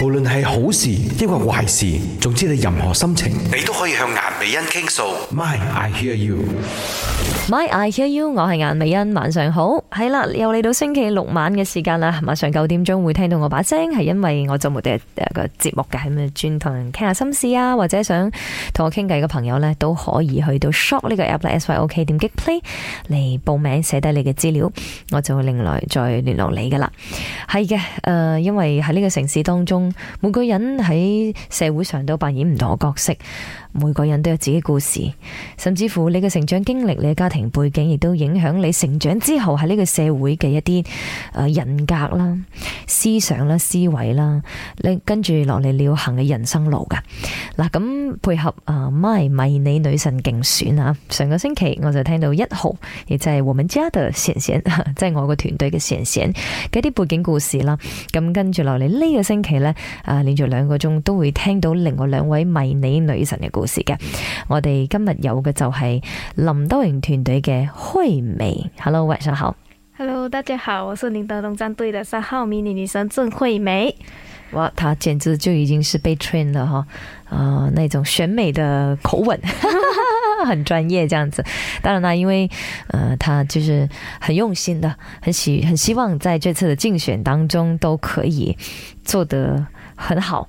無論係好事抑或壞事，總之你任何心情，你都可以向顏美欣傾訴。My I hear you，My I hear you，我係顏美欣，晚上好，係啦，又嚟到星期六晚嘅時間啦。晚上九點鐘會聽到我把聲，係因為我周末嘅一個節目嘅，咁啊專同人傾下心事啊，或者想同我傾偈嘅朋友呢，都可以去到 SYOK 呢個 App 嘅 SYOK 點擊 Play 嚟報名，寫低你嘅資料，我就會另來再聯絡你噶啦。係嘅，誒、呃，因為喺呢個城市當中。每個人喺社會上都扮演唔同嘅角色。每個人都有自己故事，甚至乎你嘅成長經歷、你嘅家庭背景，亦都影響你成長之後喺呢個社會嘅一啲誒人格啦、思想啦、思維啦，你跟住落嚟你要行嘅人生路嘅。嗱，咁配合啊，my 迷你女神競選啊，上個星期我就聽到一號，亦就係我們家的閃閃，即係、就是、我個團隊嘅閃閃嘅一啲背景故事啦。咁跟住落嚟呢個星期咧，啊，連續兩個鐘都會聽到另外兩位迷你女神嘅故事。故事嘅，我哋今日有嘅就係林道榮團隊嘅惠美。Hello，晚上好。Hello，大家好，我是年德總戰隊嘅三號迷你女神鄭惠美。哇，她簡直就已經是被 train 了哈，啊、呃，那種選美的口吻， 很專業，這樣子。當然啦，因為，呃，她就是很用心的，很喜很希望在這次的競選當中都可以做得很好。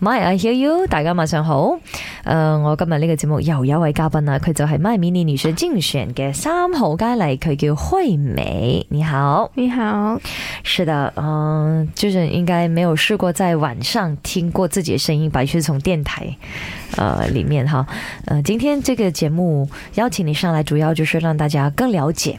my I hear you，大家晚上好。誒、呃，我今日呢個節目又有一位嘉賓啦，佢就係 my mini 女神競選嘅三號佳麗，佢叫惠美。你好，你好，是的，嗯、呃，就是應該沒有試過在晚上聽過自己的聲音，尤其是從電台，呃，裏面哈。嗯、呃，今天這個節目邀請你上來，主要就是讓大家更了解。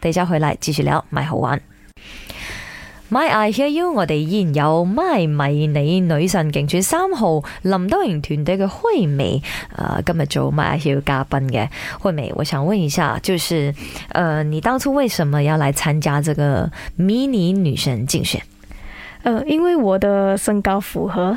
等下回來繼續聊，買好玩。My I Hear You，我哋依然有 My 迷你女神競選三號林道影團隊嘅惠美，誒、呃，今日做 My I Hear You 嘉賓嘅惠美，我想問一下，就是，誒、呃，你當初為什麼要來參加這個迷你女神競選？誒、呃，因為我的身高符合。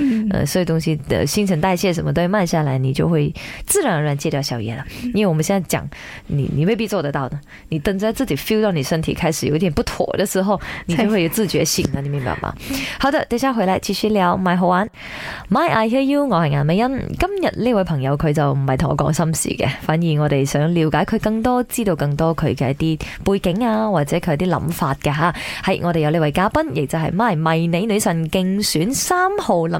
呃，所以東西的新陳代謝什麼都會慢下來，你就會自然而然戒掉宵夜了。因為我們現在講，你你未必做得到的，你等着自己 feel 到你身體開始有點不妥的時候，你就會有自覺性了，你明白嗎？ 好的，等一下回來繼續聊。My 好玩 My I Hear U，我係顏美欣。今日呢位朋友佢就唔係同我講心事嘅，反而我哋想了解佢更多，知道更多佢嘅一啲背景啊，或者佢啲諗法嘅吓。係我哋有呢位嘉賓，亦就係 My 迷你女神競選三號林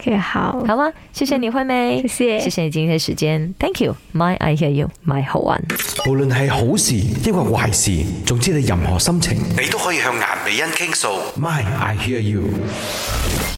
Okay, 好，好嗎，謝謝你，惠美，謝謝，謝謝你今天嘅時間，Thank you，My I hear you，My 好 one。無論係好事抑或壞事，總之你任何心情，你都可以向顏美欣傾訴，My I hear you。